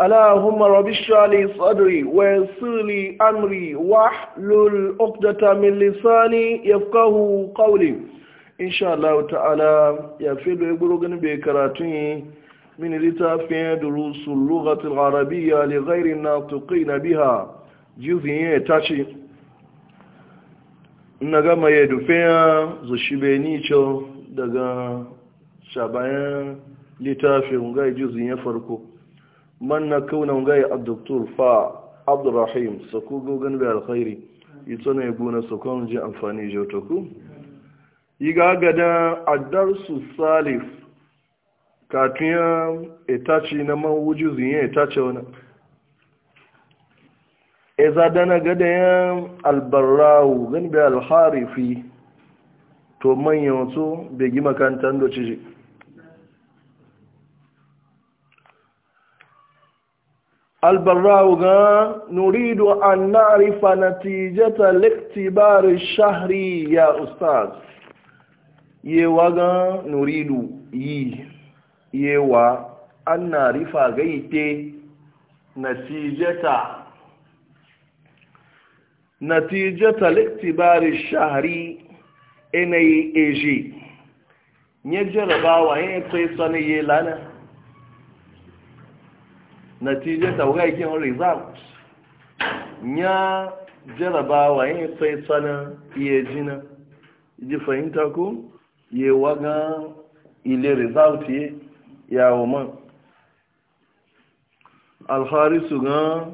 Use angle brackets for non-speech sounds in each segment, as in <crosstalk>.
Allahumma rabbi shrali sadri wa yassirli amri wahlul 'uqdatam min lisani yafqahu qawli insha Allah ta'ala ya fido iguru gani be karatun min litafiyan durusul lughatil arabiyya li ghairi natiqina biha juziyya tachi naga maye dufiya zu shibeni cho daga shabayan litafin ga juziyya farko man na kauna ngai a doktor fa abdurrahim su ku gogon bai alkhairi ito na ibu na su kan ji amfani jotoku yi ga gada adar su salif katuya itaci na mawuji zuyen itace wani eza dana gada ya albarrawu gan bai alharifi to manyan wasu bai gi makantar da ciki. albarrahu ga nuridu an na'rifa natijata liktibari shahri ya ustaz ga nuridu yi yewa an na'rifa gaite natijata liktibari shahri inai eji jarabawa ya kai sani yi lana natijar ta wuga ikin result ya jarabawa yin sai tsana iya jina ji fahimta ku? ya waga ile result ya yawo man alharisu ga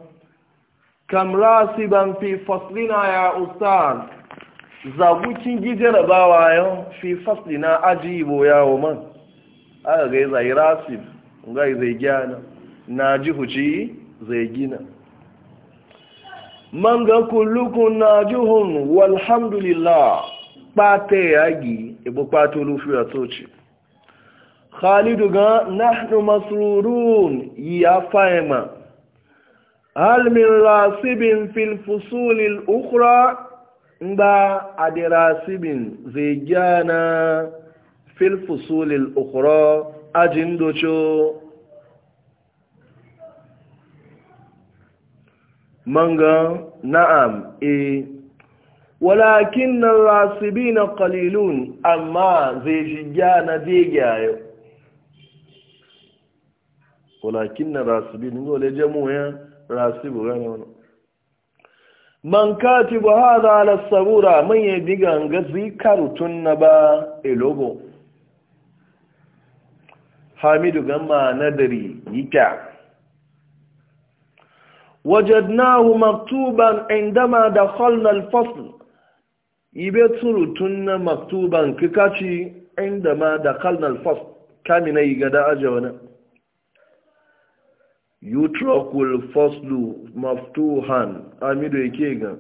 kamra si ban fi faslina ya ustaz zagukin gi jarabawa yau fi faslina aji ibo yawo man aka ga yi zai rasib ga zai gyana na ji huji, zai gina man ga kullukun na hun, walhamdulillah ɓata yagi ibu ɓato a toci khalidu ga nahnu masrurun ya fahima hal min rasibin fil fusulil ukhra ba a da rasibin zai gyana fil fusulil ukhra ajin doco manga na'am e walakin na rasibi na amma zai shiga na begayo walakin na rasibi ni gole jamu ya rasibu gane wono man katibu hada ala sabura man ya diga ga zikarutun na ba elogo hamidu gama nadari yika wajadnahu maktuban indama dakhalna al-fasl ibe turu tunna maktuban kikaci indama dakhalna al-fasl kamina igada ajawana yutrakul faslu maftuhan amido yake ga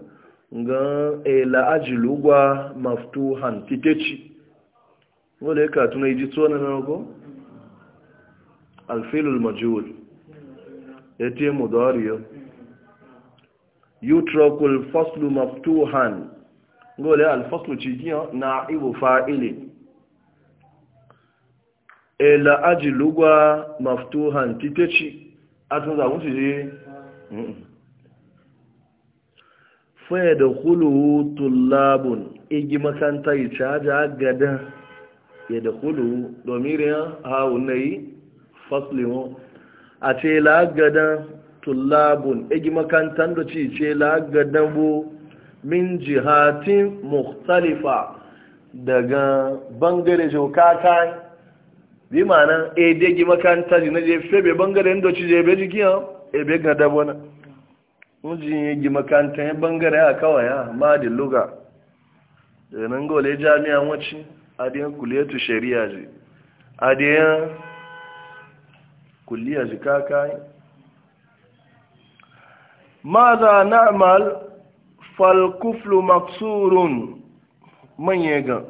ga ila ajlugwa maftuhan titeci wale ka tuna iji tsona na go alfilul majul yace mudariyo yutrakul faslu maftuhan gole alfaslu cikiyan na ibu fa'ili ila aji lugwa maftuhan titeci a tun zagun su je faya da kuluhu tullabun igi makanta yi caja gada ya da kuluhu domin riyan hau na yi faslimu a ce la gadan tullabun egi makantan da ci ce lagadanbo min jihatin mukhtalifa daga bangare jokata bi ma'ana e eh, degi makanta na je febe bangare da ci je be kiyo e eh, eh, be ga dabo na mujin yegi makanta ya bangare a kawai ya ah, ma luga da nan gole jami'a wacce adiyan kuliyatu shari'a ji adiyan kulliya jikaka ماذا نعمل فالكفل مكسور من يغا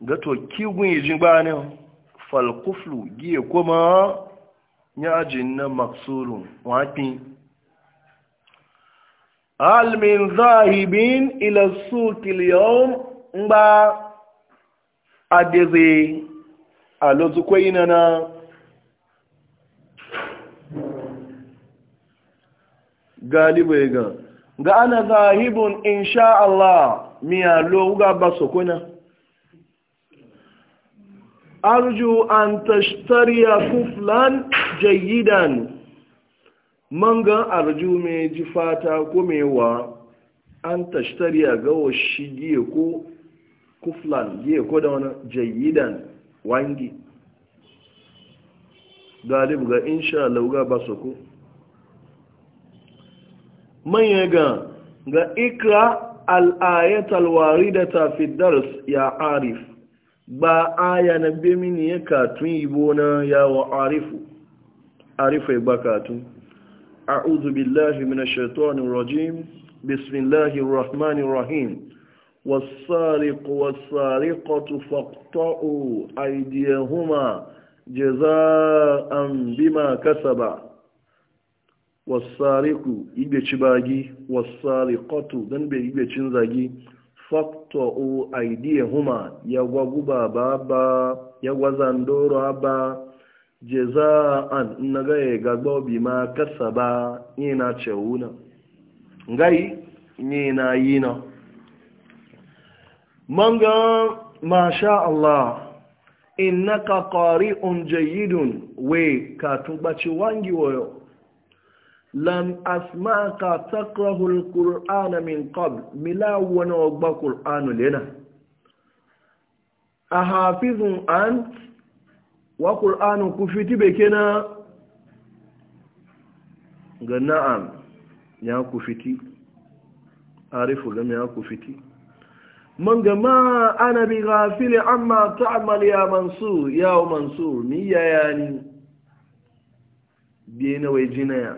gato kigun yijin bane falkuflu giye kuma yajin na maksurun wafi hal min zahibin ila sukil yawm ba adeze a galibu ya ga ga ana zahibun insha Allah miya lo ga ba sokona arju an tashtariya kuflan jayidan mangan arju mai ji fata kumewa an tashtariya ga shi giye ko kuflan giye ko da wani jayidan wangi galibu ga insha Allah ga ba sokona manya ga ga ikra al'ayatal waridata fi dars ya arif ba aya na bemini ya katun ibo na yawa arifu arifai ba katun a'udhu billahi minash shaitanir rajim bismillahir rahmanir rahim والسارق والسارقة فاقطعوا أيديهما جزاء بما كسبا wasariku ibe ci bagi wasariqatu dan be ibe cin zagi faqtu aydihuma ya gwaguba baba ya gwaza gwazandoro ba jaza'an naga ya gagbo bi ma kasaba ina cewuna ngai ni na yina manga masha Allah innaka qari'un jayyidun we ka tubaci wangi wayo lam asmaka takrahu alqur'ana min qabl mila wana ogba qur'anu lena ahafizun an wa qur'anu kufiti bekena ga na'am ya kufiti arifu lam ya kufiti man ga ma ana bi ghafil amma ta'mal ya mansur ya mansur ni ya yani bi na wajina ya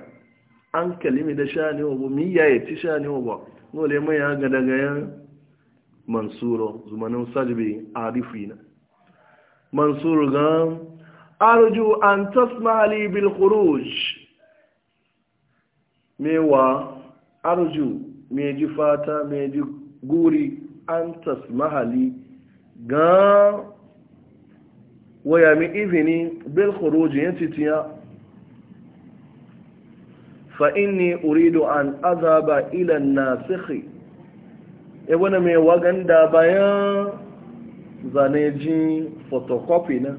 an kalimi da sha ne wabu mi ya yi ti sha ne wabu nole mai ya ga daga yan mansuro zumanin a arifina Mansuro ga arju an tasma li bil khuruj mewa arju me ji fata me ji guri an tasma li ga waya mi izini bil khuruj yan titiya فاني اريد ان اذهب الى الناسخ اي وانا مي واغان دا بايا زانيجي فوتوكوبينا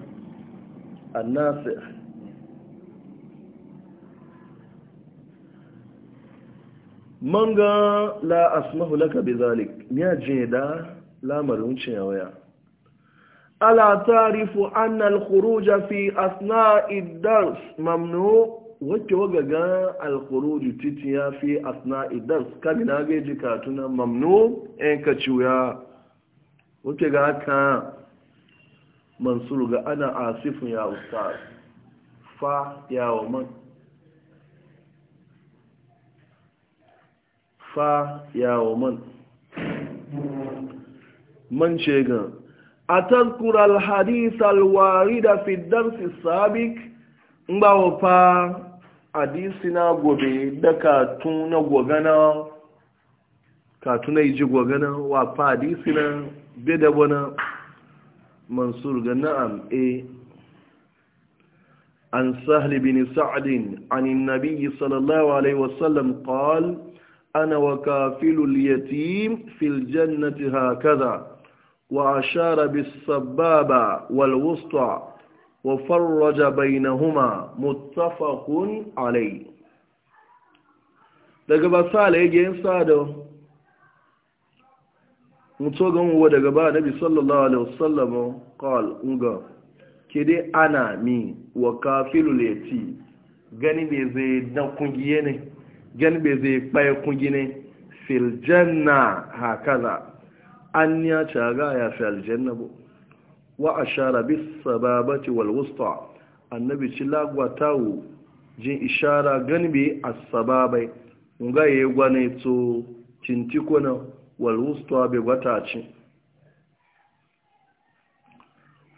الناسخ مانغا لا اسمح لك بذلك ميا جيدا لا مرونشي اويا الا تعرف ان الخروج في اثناء الدرس ممنوع wacce waga ga alkuruji titi ya fi asna idan kami na ga ji katuna mamnu yan ka ciwuya wacce ga haka mansur ga ana asifin ya ustaz fa wa man fa wa man man ce ga a tazkura alhadis alwarida fi darsi sabik ngbawo fa hadisi na gobe da katun na gogana katun na iji gogana wa fa hadisi na beda wana mansur ga na'am e an sahli bin sa'adin anin nabiyyi sallallahu alaihi wasallam qal ana wa kafilul yatim fil jannati hakaza wa ashara bis sababa wal wusta وفرج بينهما متفق عليه daga ba sa la yake yin sa da mutu ga wa daga ba nabi sallallahu alaihi wasallam qal unga kide ana mi wa kafilu lati gani be zai da kungiye ne gani be zai paye kungi ne fil janna hakaza an ya ga ya fil janna bo wa ashara bis sababati wal wusta annabi ci wu jin ishara ganbe a sababai nga ya yi gwane to cintikona walwusta bai gwata ci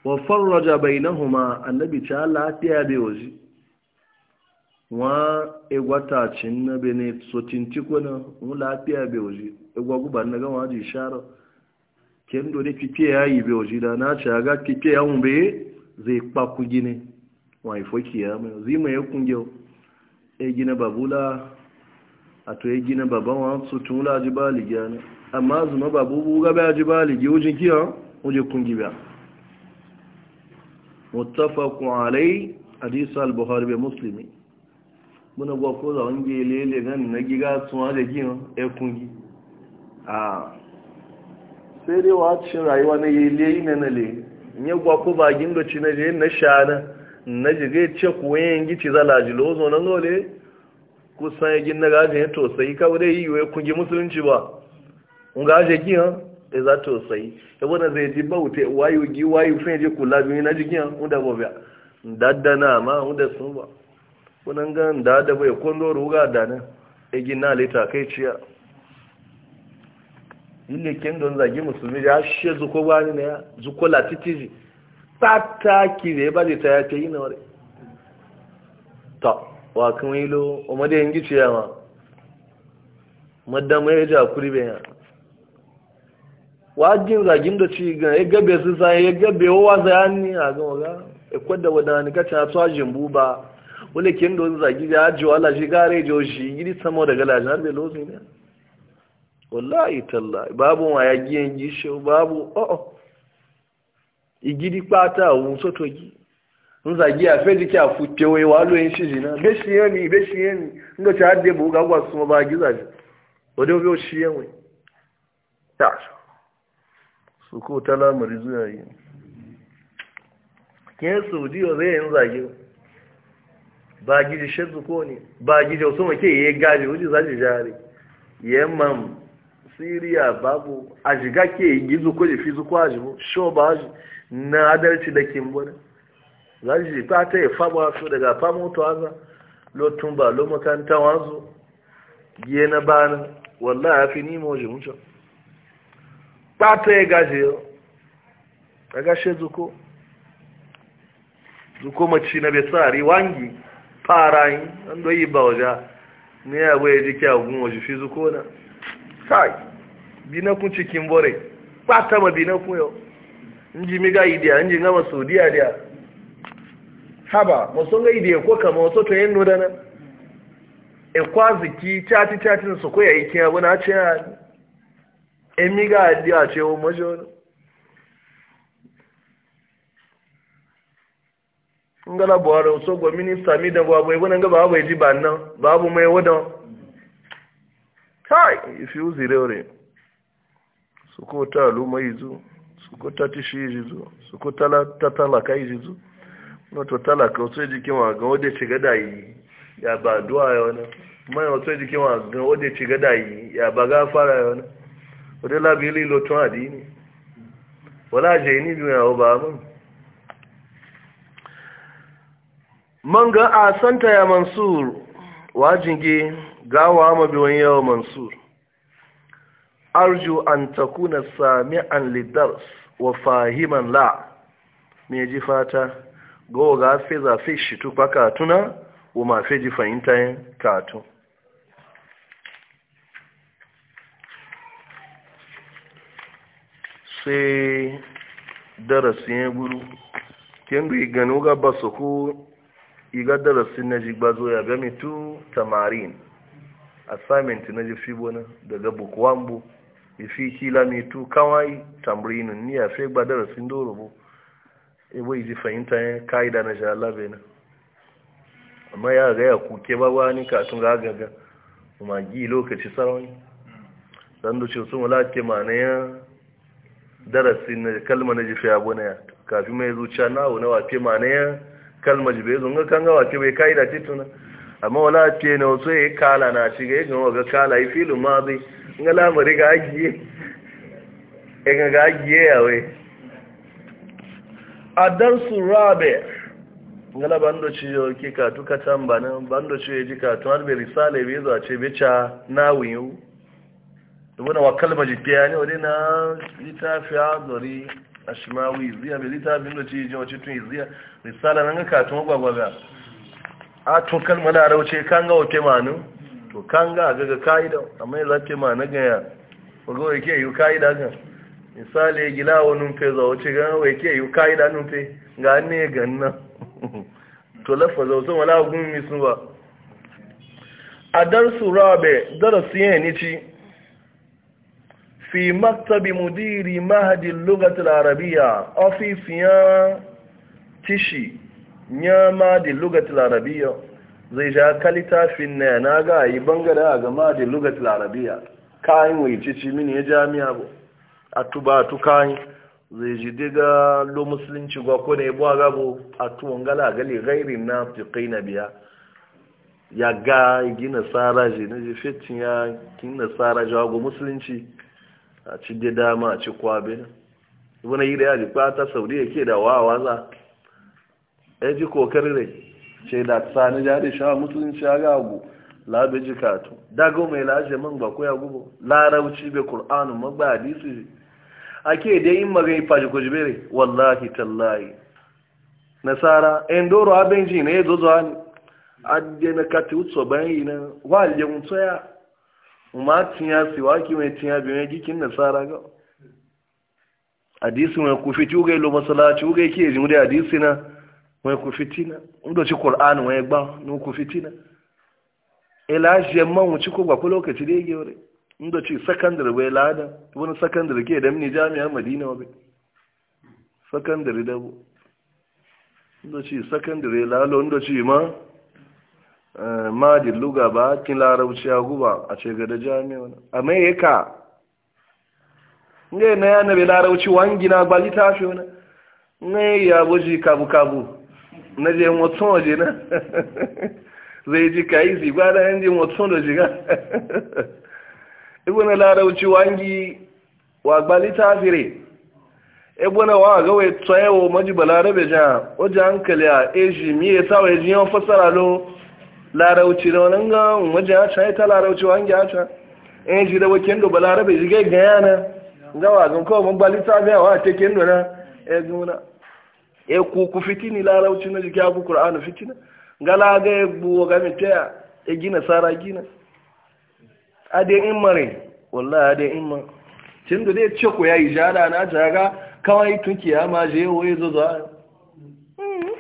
wa farraja huma annabi ci lafiya bai waje wa egwatacin na ne so cintikona mu lafiya be waje egwaguban na gawa ji ishara kendo da kike ya yi bai waje da na ce ga kike ya mbe zai kpaku gine wani foki ya mai zima ya kunge e gina babula a to e ya gina baban wa su la ji ba ligi ne amma zuma babu buga ba ji ba ligi wajen kiya wajen kungi ba muttafaqu alai hadith al-bukhari bi muslimi muna gwa ko za wange lele nan na giga suwa da gina ya e kungi a ah. sai dai wacin rayuwa na yi leyi na nale nye gwa ko bagin da na je na shana na jige ce kuwa yin gici zala jilo zo nan gole kusan yagin na gajin ya tosai kawai dai yi wa kungi musulunci ba un gaje giyan da e za tosai ya e wani zai ji bauta wayo gi wayo fin je kula biyu na jigiyan un da bobe daddana ma un da sun ba kunan gan da da bai e kondo ruga da nan yagin na lita kai ciya ile don zagi musulmi ya she zuko gwani ne ya zuko latitiji tata kire ba zai ta ya ta yi na wari ta wa yi wilo o made yin gici ya ma madama ya a kuri bayan wajin zagin da ci ga ya gabe su sa ya gabe wa ni a ga waga e kwadda ni ka ta tsajin buba wale kendo zagi ya ji wala shi gare jo shi gidi samo har da belozi ne wallahi tallahi babu wa ya giyan gisho babu o'o oh, oh. igidi pata ohun soto gi n zagi afẹ́jì kí a fi pẹ̀wẹ̀ wà ló ń ṣìṣì náà bẹ́ ṣe yẹn ni bẹ́ ṣe ni a dé bò gágbà súnmọ́ bá gíza jù ọdẹ ó fi ó ṣe yẹn wẹ̀ dáṣọ di ọ̀rẹ́ ẹ̀ ń zagi o bá gidi ṣẹ́ sùkú ni bá gidi ọ̀sọ́mọ̀ kí èyí gáàjì ó sì siriya babu a shiga ke gizo ko jifi zuku a jibu sho ba ji na adalci da kin bane za ji ta ta yi fama su daga fama to aza lotun ba lo makanta wazo giye na bana wallahi ya fi nimo ji mucho ta ta yi gaje yau a gashe zuko zuko mace na besari wangi fara yi an doyi ba waje ne ya bai jike a gun waje fi zuko na kai binakun cikin bore ba ta ma binakun yau in ji miga idiya in ji gama saudiya da haba masu ga idiya ko kama wasu to yin nuna nan e kwaziki cati catin su koya ikin abu na ce ya e miga idiya ce wa majo Ngalaba buhari so gwa minista mi da babu ibu nan ga babu ji ba nan babu mai wadon kai if you zire soko ta aluma izu soko ta tishi izu soko ta talaka na wato talaka wasu jikin wa ga wadda ci yi ya ba duwa ya wani mai wasu jikin wa ga wadda ci yi ya ba ga fara ya wani wadda labili lotun adini wala je ni biyu ya ba mun manga a santa ya mansur wajin ama gawa wani yawa mansur arju an takuna sami'an lidars wa fahiman la me ji fata go ga fi za shi tufa katuna tuna wa ma ji fahimta yin katu sai darasi ya guru kin iganu ga basu ku iga darasin na ji gbazo ya gami tu tamarin assignment na ji fibona daga bukwambu ifi kila tu kawai tamrinin ni a sai gba darasin dorobo ebo izi fahimta ya ka'ida na shalabe na amma ya ga ya kuke ba ba ni katun ga gaga gi lokaci sarawai dan da ce sun wulake mana ya darasin na kalma na jifi abu na ya kafin mai zuciya na wuna wafe mana ya kalma jibe zunga kan ga wafe bai ka'ida tituna amma wala ce na wasu ya kala na shiga ya gama ga kala ya filin ma zai nga lamari ga agiye e ga ga agiye yawe a darsu rabe ngala bando ci yo ki ka tuka tamba na bando ci ji jika to har be risale be zo ce be cha na wiyu dubuna wa kalma jikiya ne wadai na litafi azuri ashmawi ziya be litafi do ci je tun ziya risala nan ka to gwagwaga a to kalma da rauce kan ga oke manu to kan ga ga ka'ida amma ya zace ma na gaya wago ga ke yi ka'ida ga misali gila wa numfe za Gana ga wai ke yi ka'ida fe ga ne ganna <laughs> to lafa za wasu wala gun misu ba a darsu rabe darasi ya ni ci fi maktabi mudiri mahadin lugatul arabiya ofisiyan tishi nyama mahadin lugatul arabiya zai ja kalitafin na na ga yi bangare a gama da lugat larabiya kayan waicici mini ya jami'a bu a tuba tu kayan zai ji diga lo musulunci gwa ko ne buwa gabo a tuwon gala gali gairi na fiƙai na biya ya ga gina tsara ji na ji fitin ya gina tsara ji wago musulunci a ci da dama a ci kwabe wani yi da ya ji kwata saudi ya ke da wawa za ya ji kokarin rai ce da tsani jari shawa musulunci ya gagu labe jikatu dago mai laje man ba ko ya gubo larauci be qur'anu ma ba hadisi ake dai in magai faji ko jibere wallahi tallahi nasara endoro abenji ne zozo an adde na kati utso bayi na walje tsaya? ma tinya si waki mai tinya bi mai gikin nasara ga hadisi mai kufi tuge lo masalaci uge ke mu da hadisi na wọ́n kò fitina ń dọ̀tí quran wọ́n gbá ní kò fitina ilaje man ci ko ba ko lokaci da yake wuri in da ce secondary bai lada wani secondary ke da mini jami'ar madina wa bai secondary da bu da ce secondary lalo da ce ma madin luga ba kin larabci a guba a ce gada jami'a a mai ya ka ne na yana bai larabci wangina ba littafi wani ne ya buji kabu-kabu na je motsin waje na zai ji ka yi ziba da yan je motsin da shiga ibu na larauci wangi wa gbali ta fire ibu na wa ga wai tsayawo maji balarabe jan wajen hankali a eji mi ya sa wa ji yawan fasara lo larauci da wani ga wajen ya can ta larauci wangi ya can in ji da wakin da balarabe ji gai gaya na gawa gan kawai mun gbali ta fiye wa ta kendo na ya guna e kuku fitini larauci na jiki abu ƙura'anu fitina gala ga ya buwa gami taya gina sara gina ade in mare wallah adin in mare cin da ya yi jada na jaga kawai tun ma je waye zo za hmm.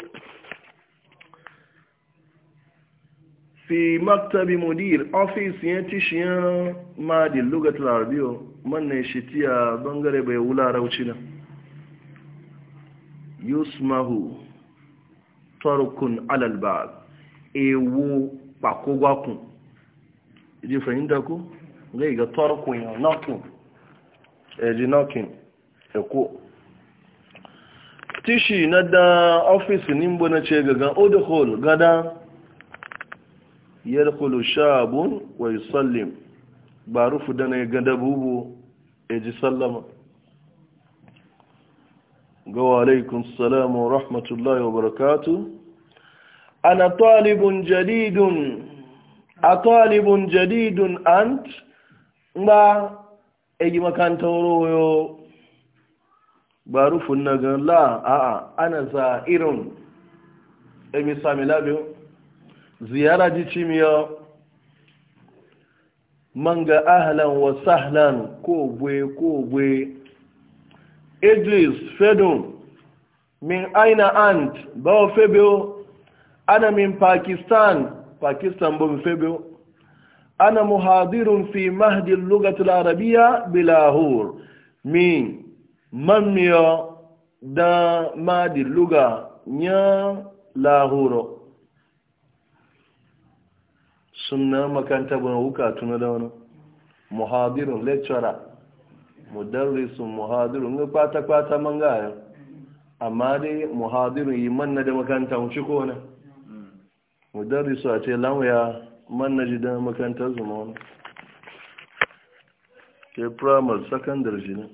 fi maktabi mudir ofis ya ci shi yan madin lugatul arabiyo manne shi tiya bangare bai wula yusmahu tarkun alal ba'd ewu pakogwakun ji fahimta ku zai iga tarkun ya knocking eji eh, knocking eko eh, tishi na da office ni mbo na ce gaga odhol gada yadkhulu shabun wa yusallim ba rufu da na gada bubu eji sallama ga walaikun salamun rahmatullahi wa barakatu ana talibun jadidun a talibun jadidun ant ba egi makanta wuroyo ba rufin nagan la a a ana za irin emi sami labi ziyara ji cimiyo manga ahalan wa sahlan ko gwe ko gwe idris fedun min aina ant bawo febio ana min pakistan pakistan bo febio ana muhadirun fi mahdi lugati larabiya bilahur min mamiyo da mahdi luga nya lahuro sunna makanta bana wuka tuna da wani muhadirun lecturer mudarrisun muhadirun ga kwata-kwata man gaya amma dai muhadirun yi manna da makaranta wuce ko wani mudarrisu a ce lanwaya manna ji da makarantar zuma wani ke primar secondar jini.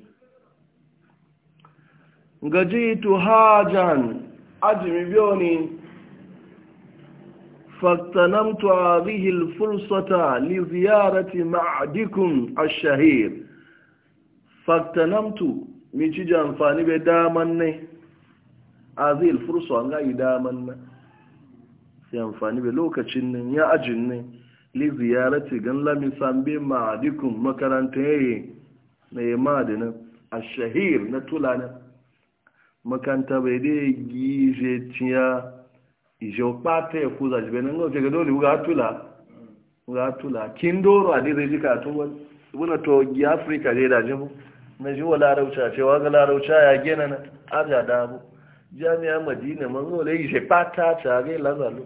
ne gaji tu hajjan ajimi biyo ne فاغتنمت هذه الفرصة لزيارة معدكم الشهير faktanamtu mi ci ji amfani bai daman ne a zai fursu an gayi daman ne, sai amfani bai lokacin nan ya ajin ne li ziyarati gan lami sambe ma'adikun makaranta yayi na yi ma'adinan a shahir na tulanin makanta bai dai gije tiya ijo pata ya kuza jibe nan ga ga dole ga tula ga tula kin doro a dai zai jika to wani to gi africa dai da jimu na ji wa larauca cewa ga larauca ya gina na aja damu jami'a madina zo le yi pata tare lazalo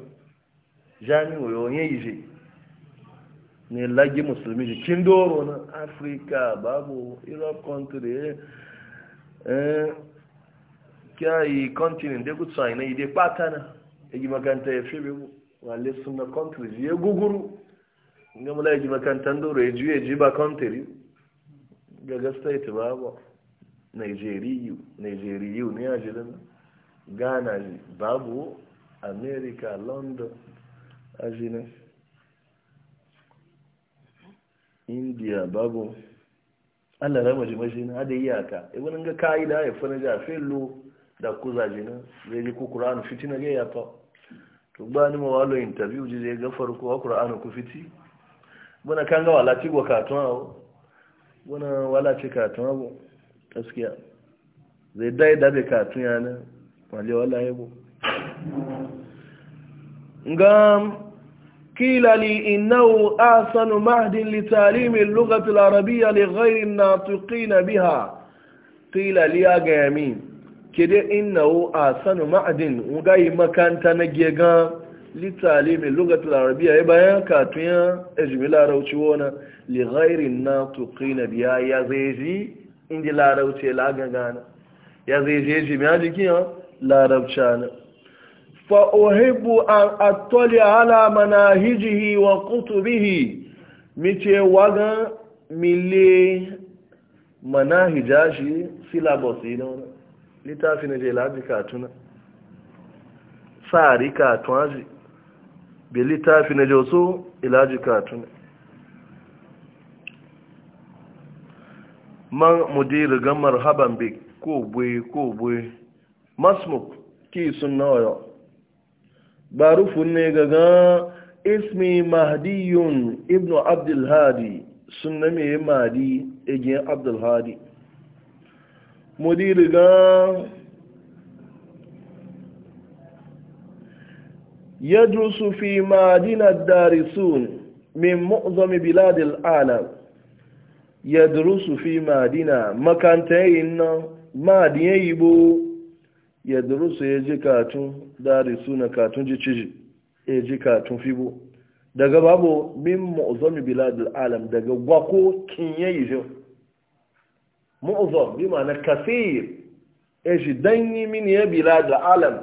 jami'o yo yin yi ne lagi musulmi kin doro na afirka babu europe country eh kya yi continent da kutu sign yi de pata na yi e makanta ya fi bu wale suna country ya guguru ngam mula yi e makantan doro ya e juye ji ba country gaga state ba ba nigeria nigeria ne ya ji ghana babu america london a jirin india babu allah rama ji mashi na da iyaka ibn ga da ya fana ja lo da kuza ji na zai ji ku qur'an fitina ga ya fa to ba ni mawalo walo interview ji zai ga farko kuranu ku fiti muna kan ga lati ci go katon wani wala ce katun abu gaskiya zai dai dabe katun yana wale wala yabo ngam kila li innahu a mahdin li talimi al-lughati al-arabiyya li ghayri an-natiqin biha kila li agami kide innahu ahsanu mahdin ngai makanta na gegan litali mai lugatul arabiya ya bayan katun ya ejimi larauci wona li ghairin na tuqina biya ya zeji inji larauci ya lagagana ya zeji ejimi ya jikin ya larauci ana fa'ohibu uhibbu atoli attali ala hijihi wa kutubihi mice waga mile manahija shi syllabus ina wani littafi na je labi katuna sa'ari rika tuwaji bi littafi na josu ilaji katun man mudiri ga marhaban bi ko buyi ko buyi masmuk ki sun nawa barufu ne gaga ismi mahdiyun ibnu abdulhadi sun na mai mahdi egin abdulhadi mudiri ga يجلس في مدينة دارسون من معظم بلاد العالم يدرس في مدينة مكانتين مدينة يبو يدرس يجي كاتون دارسون كاتون جي جيشي يجي كاتون فيبو daga babu min mu'zami biladul alam daga gwako kinye yijo mu'zam bi ma'ana kasir e shi danyi min ya biladul alam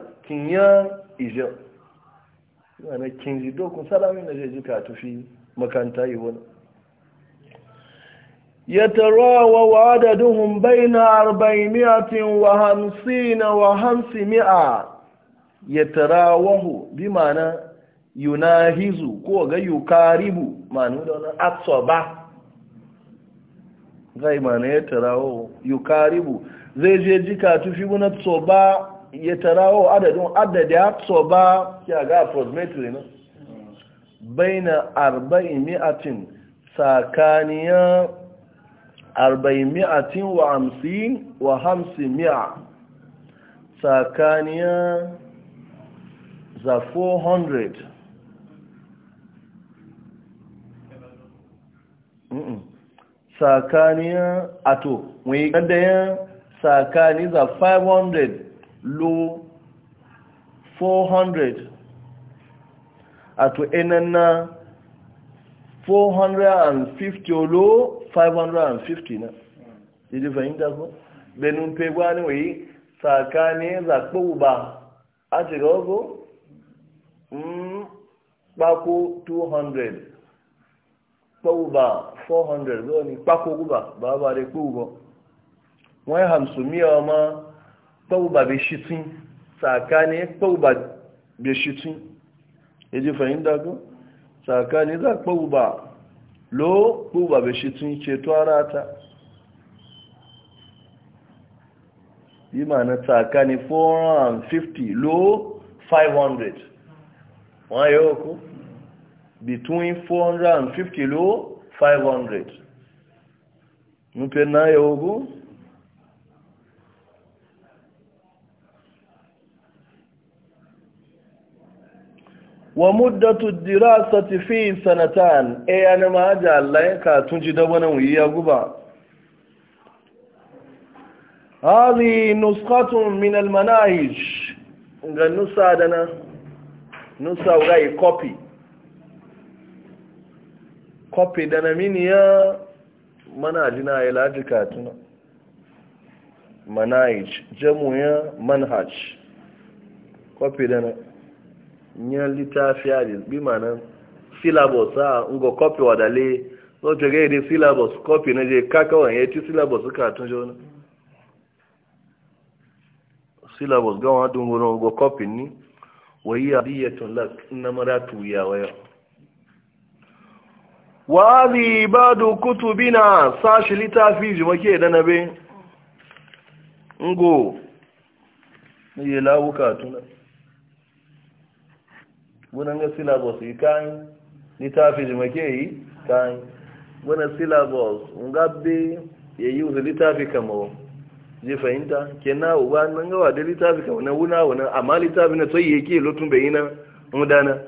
na kinji dokun salami na zai jika tufi makanta yi wani ya tarawa wa adaduhun bai na arba'imiyatin wa hamsina wa mi'a ya tarawahu bi mana yunahizu ko ga yukaribu manu da wani atsoba zai mana ya tarawahu yukaribu zai je jika tufi wani tsoba ya tarawo adadin adada so ba ya ga approximately na baina arba'in mi'atin tsakaniya arba'in mi'atin wa hamsin wa hamsin mi'a tsakaniya za 400 tsakaniya ato wani gandayen tsakani za lo 400 ato enana 450 olo 550 na idi fahimta ko benin pegwa ne wai tsakanin zakpo ba a shiga ogo mm, kpako 200 kpau ba 400 zo ni kpako guba ba ba kpau ba wani hamsu miya ma tauba bai shi tsakani tsakanin tauba bai shi tun ya fahimta ko tsakanin za tauba lo tauba bai shi tun ceto a rata yi mana tsakanin 450 lo 500 wọ́n yóò kú between 450 lo 500 nupe na yi kú wa muddatu dirasati fi sanatan e eh, yana ma haja Allah ya ka tun ji dabanan wuyi ya guba hadi nusqatu min al manahij ga nusa dana nusa urai copy copy dana mini ya manajina ya laji katuna manahij jamu ya manhaj copy dana yan littafi a bi mana syllabus a ngo copy wa dale so je ga ide syllabus copy na je kaka wa yeti syllabus ka tun jona syllabus ga wa dun go ngo copy ni wa hiya diyatun lak na maratu ya waya wa hadhi ibadu kutubina sashi littafi jumake da nabe ngo ni lawo ka gunan ga syllabus yi kayan littafi make yi kan gunan syllabus ngabe ya yi wuzi littafi kama ji fahimta ke na uba nan gawa da littafi kama na wuna wuna amma littafi na ya ke lotun bayi yi na mudana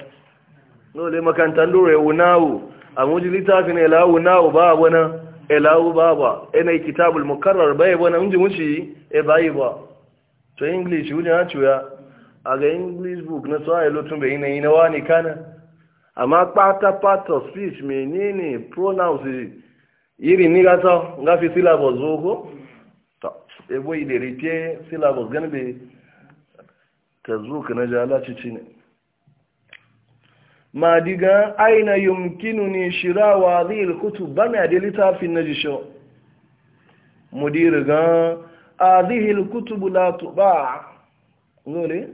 dole makanta lura ya wu a muji littafi na ila wu ba wani ila ba ba ina e kitabul mukarrar bai wani inji mushi e bayi ba to english wujen ha cuya a ga english book na so ayi lotun bai yanayi na wani kana amma pata part of speech menene pronouns iri ni gata nga fi syllabus zoko ta ebo ile rite syllabus gani bai ka zo ka na jala cici ne ma diga aina yumkinuni shirawa zil kutub bana da littafin najisho mudir ga hadhihi alkutub la tuba ngole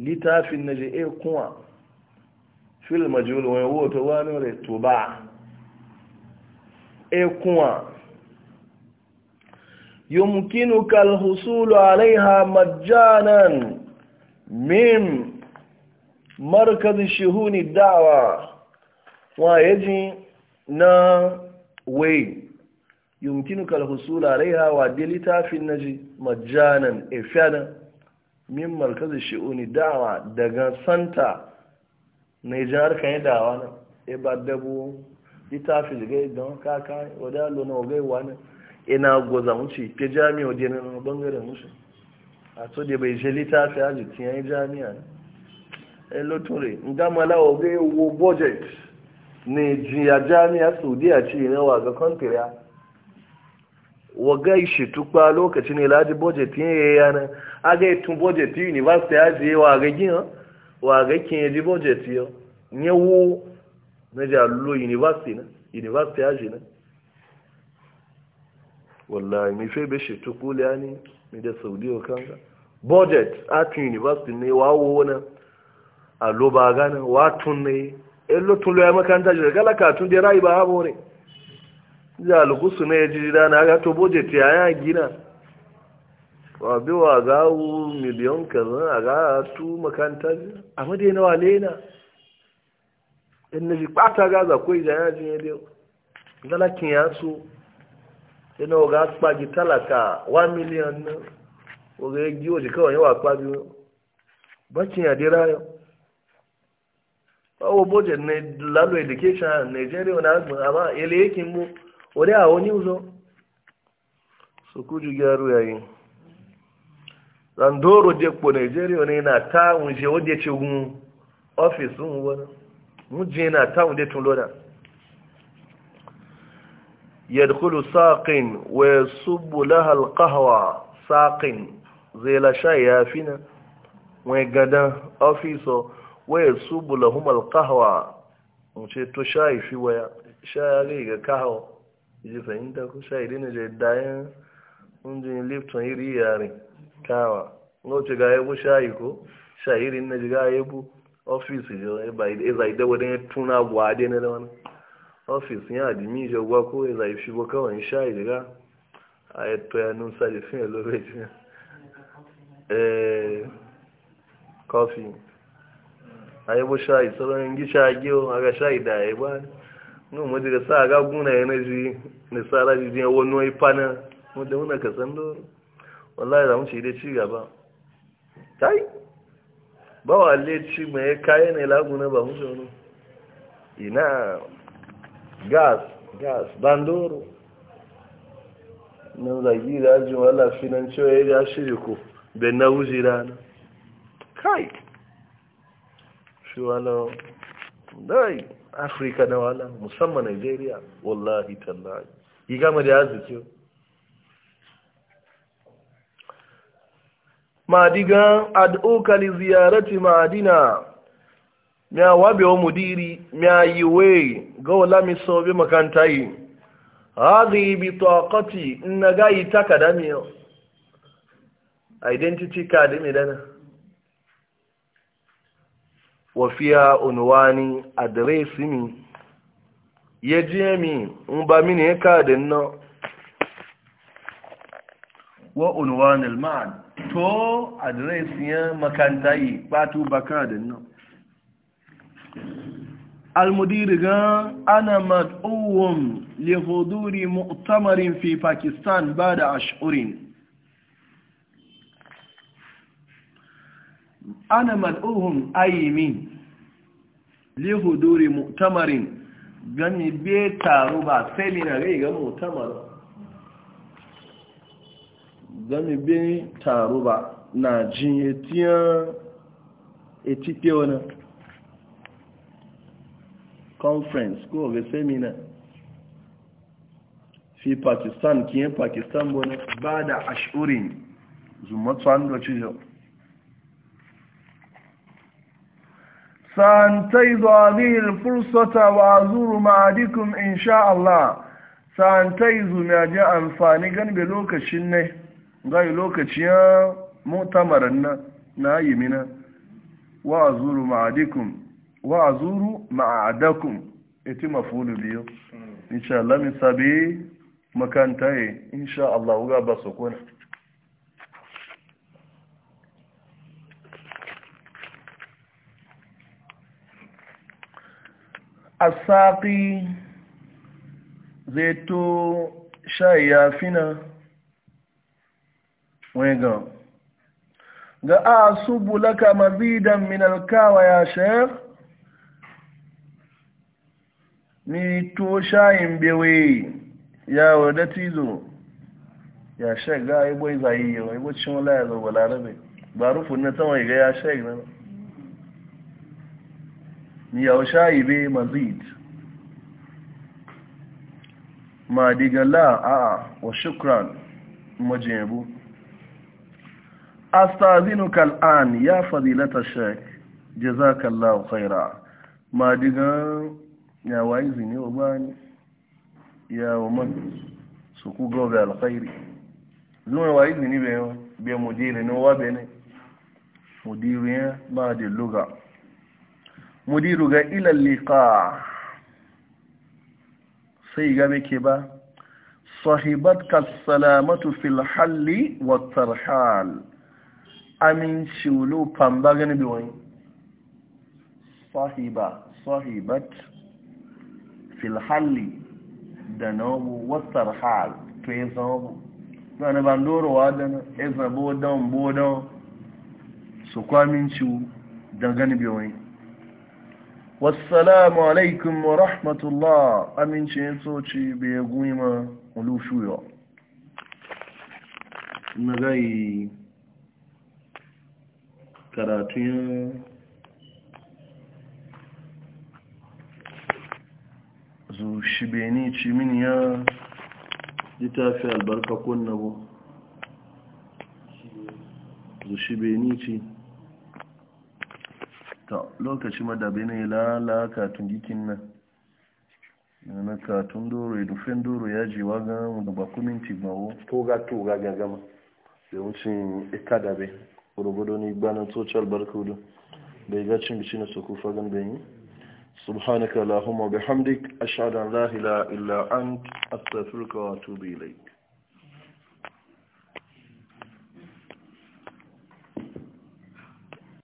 littafin na je eh, kuma fil majul wani woto wani re to ba e kuma yumkinuka alhusulu alaiha majanan min markaz shuhuni dawa wa yaji na wai yumkinuka alhusulu alaiha wa dilita fi naji majanan e eh, fiyana min markazin shi'uni dawa daga santa na ijin harkar yi dawa na e ba dabu ita fi zigai don kaka wadda lona ogaiwa wani ina e goza muci ke jami'a wadda na bangaren musu a to da bai je littafi a jikin jami'a ne e lotore nga mala ogai wo budget ne jiya jami'a saudiya ce na waga kwantiriya wagai shi tukpa lokacin ne laji budget yin ya na aga yi tun budget university ya je wa ga gina wa ga kin ya ji budget yo nye wo na ja lo university na university ya je na wallahi mi fe be shi tukuli ani mi da saudi o kanga budget a tun university ne wa wo na a lo ba gana wa tun ne e lo tun lo ya makanta je kala ka tun de rai ba ha ne ji alhusu na ya ji jida na aga to budget ya ya gina wa biwa wa ga wu miliyon kaza a ga tu makanta ji a madai na wale na in na ji kpata ga za koi da ya ji ya dai galakin ya so ina na ga kpagi talaka 1 miliyon na wa ga ya giwo ji kawai yawa kpagi bakin ya dai rayo ọwọ́ bọ́jẹ̀ lálọ́ education nigeria na agbọ̀n àmá ilé yìí kí wadda a wani uzo su kuju gyaru yayi zandoro dekpo nigeria ne na ta unje wadda ce gun ofis sun wani mujin na ta unje tun loda yadkulu saƙin wa yasubbu laha alqahwa saƙin zai la shay na. wa gada ofiso wa yasubbu lahum alqahwa mu ce to shay fi waya shay ga kahwa ji fahimta ko shahidi na je dayan injin lipton iri yarin kawa ngoce ga yabu shayi ko shahiri na ji ga yabu ofis jo e ba e wadin tuna gwa na wani ofis ya di mi je gwa ko e za ifi bo kawai e to ya nun e e, so o aga shayi da no mu da sa ga guna yana da sa sara ya ne wani wai fana mu da muna ka san do wallahi za mu ci dai ci gaba kai ba wa alle ci mai kai ne laguna ba mu da wani ina gas gas bandoro nan zagi da ajin wala financial cewa ya shirya ko Be na wuzi rana kai shi wala dai afirka na wala musamman nigeria wallahi tallahi yi gama da ya madigan ad'uka li ziyarati madina mya wabe wa mudiri yi yiwe ga la mi sobe makanta yi hadhi bi taqati na gayi takadami identity card mi dana wafiya unwani adresi mi ya jiye mi n ba mini ya kadin wa unwani to adresi ya makanta yi batu ba kadin na almudiri gan ana mat'uwun lihuduri mu'tamarin fi pakistan ba da ashirin ana mal'uhum ayyimin li huduri mu'tamarin gani be taro ba seminar gai ga mu'tamar gani be taro ba na jin etiyan etite wani conference ko ga seminar fi pakistan kiyan pakistan wani ba da ashirin zumatu an da cijau سأنتهز هذه الفرصة وأزور معدكم إن شاء الله سأنتهز ما جاء أنفاني كان بلوك الشنة غاي لوك الشيا مؤتمرنا نايمنا وأزور معدكم وأزور معدكم إتي مفعول به إن شاء الله من سبي مكان تاي إن شاء الله وغابة سكونه asaki zai to shayi ya fina wani ga ga a subu laka mazidan min alkawa ya shayar mi to shayin bewe ya wadati tizo ya shayar ga aibo zai yi yau aibo cin wala ya zo balarabe ba rufin na tsawon ga ya shayar na yaushayi be mazid ma diga la a wa shukran majebu astazinuka al'an ya fadilata shek jazakallahu khaira ma diga ya wayi zini obani ya waman su ku gobe alkhairi zuwa wayi zini be be mudiri no wa bene mudiri ma de lugar mudiru ga ilal liqa sai ga ke ba Sahibat ka salamatu fil halli wat tarhal amin shulu pamba gani bi wani sahiba sahibat fil halli da nawo wat tarhal to yin sanawo na bandoro wa da na ezabo don bodon su kwamin ciwo dangane bi wani wassalamu alaikum wa rahmatullah amincin soci bai guyima olushuyo na gai karatun zu shibeni cimini ya littafi albarka kunna bu zu shibeni ci ta lokaci madabe ne lala katun gikin nan na katun doro edufin doro ya ji wa gan da minti tigbawo toga toga ga gama da wucin ikadabe rubudu ni gbanin tocal barkudu da ya gacin bici na suku fagen bayi subhanaka lahumma bihamdik ashhadu an la ilaha illa ant astaghfiruka wa atubu ilayk